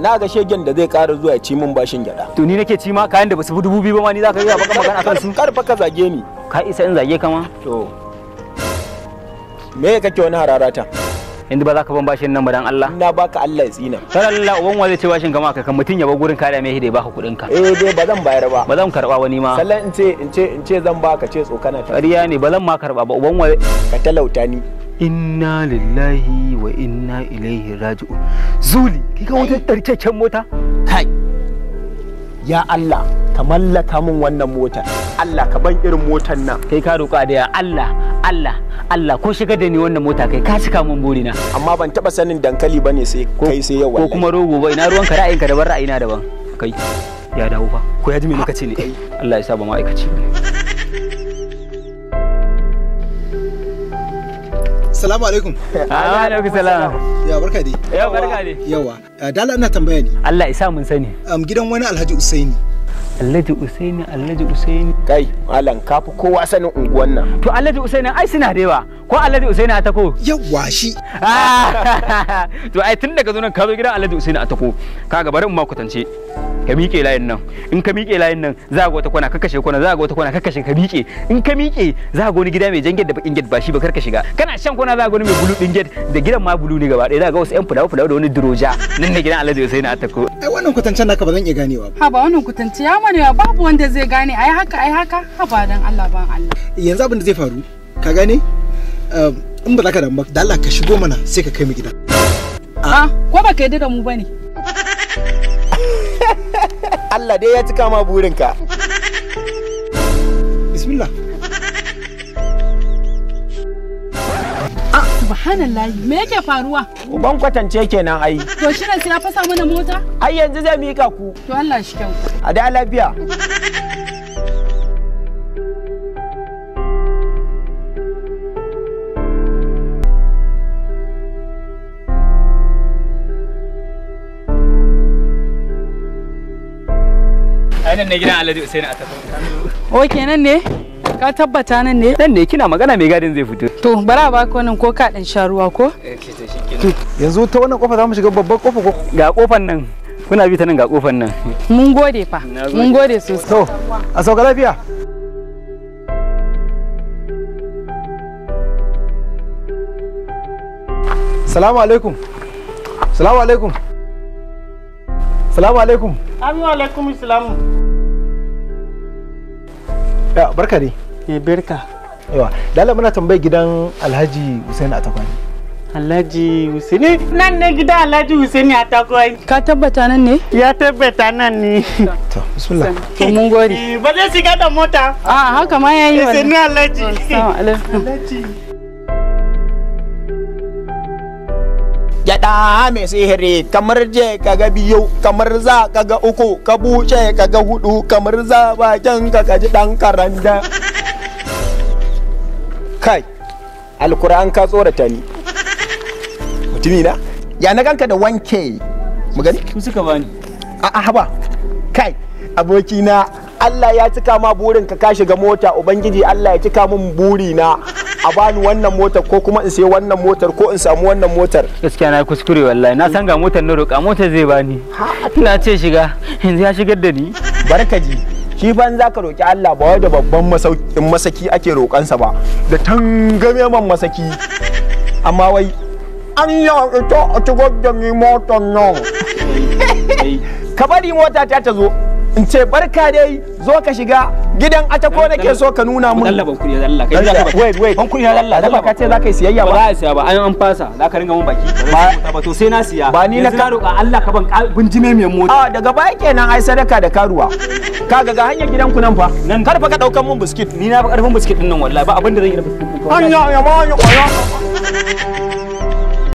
na ga shegen da zai kara zuwa ya ci min bashin gyada to ni nake ci ma kayan da basu fi dubu biyu ba ma ni zaka yi baka magana akan su karfa ka zage ni ka isa in zage ka ma to me kake wani hararata inda ba za ka ban bashin nan ba dan Allah na baka Allah ya tsina sallallahu uban wa zai ce bashin kama kan mutun ya ba gurin kare mai hidai baka kudin ka eh dai ba zan bayar ba ba zan karba wani ma sallan in ce in ce in ce zan baka ce tsokana ta Ariya ne ba zan ma karba ba uban wa ka talauta ni inna lillahi wa inna ilaihi raji'u zuli kika wata tarkeken mota kai ya Allah ka mallaka min wannan mota Allah ka ban irin motan nan kai ka roƙa da ya Allah Allah Allah ko shiga da ni wannan mota kai ka cika min burina amma ban taba sanin dankali bane sai kai sai yau ko kuma rogo bai na ruwanka ra'ayinka daban ra'ayina daban kai ya dawo fa ko ya ji me naka ce ne Allah ya sa ba ma'aikaci bane Assalamu alaikum. Ah, alaikum salam. Ya barka dai. Ya barka dai. Yawa. Ah, Dala ina tambaya ne. Allah sa mun sani. Gidan wani Alhaji Usaini. Alhaji Usaini Alhaji Usaini kai malam kafi kowa sanin unguwan nan to Alhaji Usaini ai suna da yawa ko Alhaji Usaini a tako Yawwa shi ah, to ai tun daga zonan ka zo gidan Alhaji Usaini a tako kaga bari mu makutance. ka miƙe layin nan in ka miƙe layin nan za ga wata kwana ka kashe kwana za ga wata kwana ka kashe ka miƙe in ka miƙe za ga wani gida mai jangin da bakin gate ba shi ba karka shiga kana shan kwana za ga wani mai bulu gate da gidan ma bulu ne gaba ɗaya za ga wasu yan fulawa fulawa da wani duroja nan ne gidan Alhaji Usaini a tako ai wannan kutancen naka ba zan iya ganewa ba ha ba wannan kwatance ya manewa babu wanda zai gane ai haka ai haka haba dan Allah ban Allah yanzu abin da zai faru ka gane in ba za ka damu da Allah ka shigo mana sai ka kai mu gida a ah, ah. ko ba ka yadda da mu bane Allah dai ya cika ma burinka Subhanallah me yake faruwa uban kwatance kenan ai to shi sai ya fasa mana mota ai yanzu zai mika ku to Allah shi kyau a da lafiya nan ne gidan Alhaji Usaini a tafi. O nan ne? Ka tabbata nan ne? Nan ne kina magana mai gadin zai fito. To bara ba ka wannan ko ka dan sha ruwa ko? Yanzu ta wannan kofa za mu shiga babban kofa ko? Ga kofan nan. Kuna bi ta nan ga kofan nan. Mun gode fa. Mun gode sosai. To a sauka lafiya. Salamu alaikum. Salamu alaikum. Salamu alaikum. Amin alaikum salamu. Ya barka dai. ya eh, birka yawa dala muna tambayi gidan alhaji Hussein Atakwani alhaji husaini nan ne gidan alhaji husaini Atakwani ka tabbata nan ne ya tabbata nan ne to bismillah to mun gode eh, ba zai shiga da mota a haka ma yayi wannan eh, husaini alhaji oh, alhaji da mai sihiri kamar je kaga biyu kamar za kaga uku ka buce kaga hudu kamar za bakin ka kaji dan karanda kai alkur'an ka tsorata ni mutumi na ya na ganka da wanke mu gani suka bani a a haba kai aboki na Allah ya cika ma burin ka ka shiga mota ubangiji Allah ya cika min buri na a bani wannan motar ko kuma in sayi wannan motar ko in samu wannan motar gaskiya na kuskure wallahi na san ga motar na roƙa motar zai bani ina ce shiga yanzu ya shigar da ni barkaji shi ban za ka roƙi Allah ba wai da babban masaki ake roƙansa ba da tangameman masaki amma wai an ya ita a cigar da ni motar nan ka bari mota ta ta zo in ce barka dai zo ka shiga gidan atako nake so ka nuna mun Allah ban kuriya Allah kai wait wait ban kuriya Allah Allah ka ce za yi siyayya ba ba siya ba an an fasa za ka ringa mun baki ba to sai na siya ba ni na karo ka Allah ka ban bunjime mai mota a ah, daga baya kenan ai sadaka da karuwa kaga ga hanyar gidan ku nan fa kar fa ka daukan mun biskit ni na fa karfin biskit din nan wallahi ba abin da zan yi da biskit ko anya ya ma ya ya